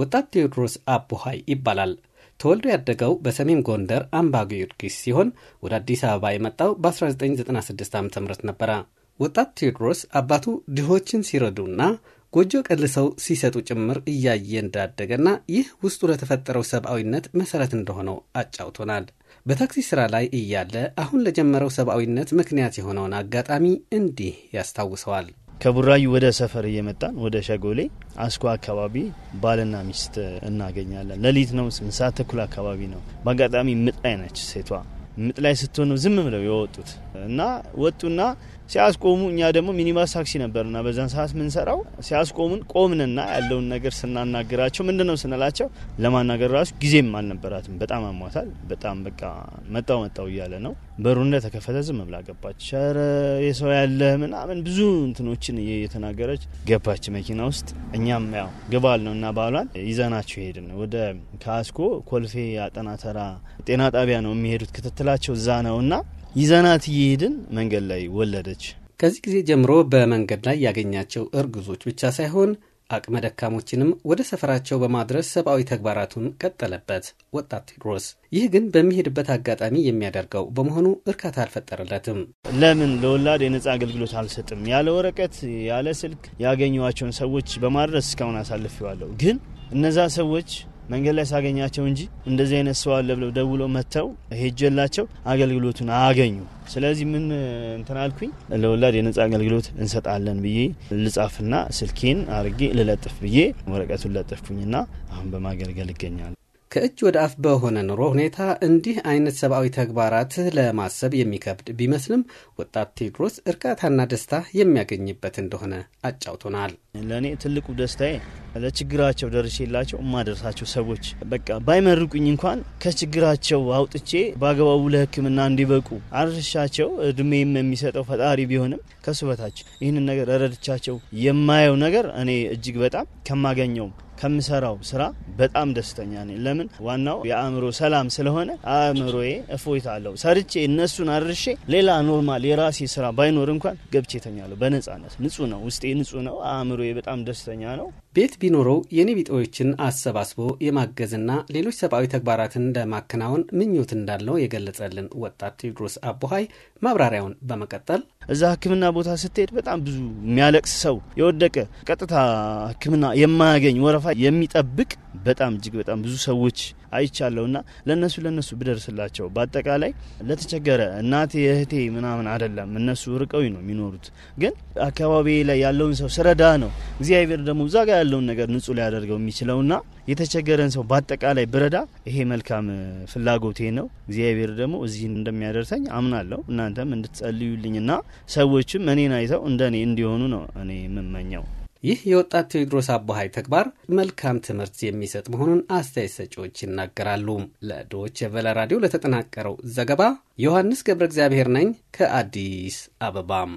ወጣት ቴዎድሮስ አቦሃይ ይባላል። ተወልዶ ያደገው በሰሜን ጎንደር አምባ ጊዮርጊስ ሲሆን ወደ አዲስ አበባ የመጣው በ1996 ዓ ም ነበረ። ወጣት ቴዎድሮስ አባቱ ድሆችን ሲረዱና ጎጆ ቀልሰው ሲሰጡ ጭምር እያየ እንዳደገና ይህ ውስጡ ለተፈጠረው ሰብአዊነት መሰረት እንደሆነው አጫውቶናል። በታክሲ ሥራ ላይ እያለ አሁን ለጀመረው ሰብአዊነት ምክንያት የሆነውን አጋጣሚ እንዲህ ያስታውሰዋል። ከቡራዩ ወደ ሰፈር እየመጣን ወደ ሸጎሌ አስኮ አካባቢ ባልና ሚስት እናገኛለን። ሌሊት ነው፣ ስምንት ሰዓት ተኩል አካባቢ ነው። በአጋጣሚ ምጥ ላይ ነች ሴቷ። ምጥ ላይ ስትሆን ዝም ብለው የወጡት እና ወጡና ሲያስቆሙ እኛ ደግሞ ሚኒባስ ታክሲ ነበርና በዛን ሰዓት ምንሰራው ሲያስቆሙን ቆምንና ያለውን ነገር ስናናግራቸው ምንድን ነው ስንላቸው ለማናገር ራሱ ጊዜም አልነበራትም። በጣም አሟታል። በጣም በቃ መጣው መጣው እያለ ነው። በሩ እንደተከፈተ ዝም ብላ ገባች። ኧረ የሰው ያለ ምናምን ብዙ እንትኖችን የተናገረች ገባች መኪና ውስጥ። እኛም ያው ግባል ነው እና ባሏን ይዘናቸው ሄድን። ወደ ካስኮ ኮልፌ አጠናተራ ጤና ጣቢያ ነው የሚሄዱት። ክትትላቸው እዛ ነው እና ይዘናት እየሄድን መንገድ ላይ ወለደች። ከዚህ ጊዜ ጀምሮ በመንገድ ላይ ያገኛቸው እርግዞች ብቻ ሳይሆን አቅመ ደካሞችንም ወደ ሰፈራቸው በማድረስ ሰብአዊ ተግባራቱን ቀጠለበት ወጣት ቴድሮስ። ይህ ግን በሚሄድበት አጋጣሚ የሚያደርገው በመሆኑ እርካታ አልፈጠረለትም። ለምን ለወላድ የነጻ አገልግሎት አልሰጥም? ያለ ወረቀት ያለ ስልክ ያገኘዋቸውን ሰዎች በማድረስ እስካሁን አሳልፌዋለሁ። ግን እነዛ ሰዎች መንገድ ላይ ሳገኛቸው እንጂ እንደዚህ አይነት ሰው አለ ብለው ደውለው መጥተው ሄጀላቸው አገልግሎቱን አያገኙ። ስለዚህ ምን እንትን አልኩኝ፣ ለወላድ የነጻ አገልግሎት እንሰጣለን ብዬ ልጻፍና ስልኬን አርጌ ልለጥፍ ብዬ ወረቀቱን ለጥፍኩኝና አሁን በማገልገል ይገኛል። ከእጅ ወደ አፍ በሆነ ኑሮ ሁኔታ እንዲህ አይነት ሰብአዊ ተግባራት ለማሰብ የሚከብድ ቢመስልም ወጣት ቴዎድሮስ እርካታና ደስታ የሚያገኝበት እንደሆነ አጫውቶናል። ለእኔ ትልቁ ደስታዬ ለችግራቸው ደርሼላቸው የማደርሳቸው ሰዎች በቃ ባይመርቁኝ እንኳን ከችግራቸው አውጥቼ በአግባቡ ለሕክምና እንዲበቁ አርሻቸው እድሜም የሚሰጠው ፈጣሪ ቢሆንም ከሱ በታች ይህንን ነገር ረድቻቸው የማየው ነገር እኔ እጅግ በጣም ከማገኘውም ከምሰራው ስራ በጣም ደስተኛ ነኝ። ለምን ዋናው የአእምሮ ሰላም ስለሆነ አእምሮዬ እፎይታ አለው። ሰርቼ እነሱን አድርሼ ሌላ ኖርማል የራሴ ስራ ባይኖር እንኳን ገብቼ ተኛለሁ። በነጻነት ንጹህ ነው፣ ውስጤ ንጹህ ነው፣ አእምሮዬ በጣም ደስተኛ ነው። ቤት ቢኖረው የኔ አሰባስቦ የማገዝና ሌሎች ሰብአዊ ተግባራትን ለማከናወን ምኞት እንዳለው የገለጸልን ወጣት ቴዎድሮስ አቦሀይ ማብራሪያውን በመቀጠል እዛ ሕክምና ቦታ ስትሄድ በጣም ብዙ የሚያለቅስ ሰው የወደቀ ቀጥታ ሕክምና የማያገኝ ወረፋ የሚጠብቅ በጣም እጅግ በጣም ብዙ ሰዎች አይቻለሁና ለእነሱ ለእነሱ ብደርስላቸው በአጠቃላይ ለተቸገረ እናቴ እህቴ ምናምን አይደለም፣ እነሱ ርቀው ነው የሚኖሩት። ግን አካባቢ ላይ ያለውን ሰው ስረዳ ነው እግዚአብሔር ደግሞ እዛ ጋር ያለውን ነገር ንጹህ ሊያደርገው የሚችለው ና የተቸገረን ሰው በአጠቃላይ ብረዳ ይሄ መልካም ፍላጎቴ ነው። እግዚአብሔር ደግሞ እዚህ እንደሚያደርሰኝ አምናለሁ። እናንተም እንድትጸልዩልኝና ሰዎችም እኔን አይተው እንደኔ እንዲሆኑ ነው እኔ የምመኘው። ይህ የወጣት ቴዎድሮስ አቦሃይ ተግባር መልካም ትምህርት የሚሰጥ መሆኑን አስተያየት ሰጪዎች ይናገራሉ። ለዶች ቨለ ራዲዮ ለተጠናቀረው ዘገባ ዮሐንስ ገብረ እግዚአብሔር ነኝ ከአዲስ አበባም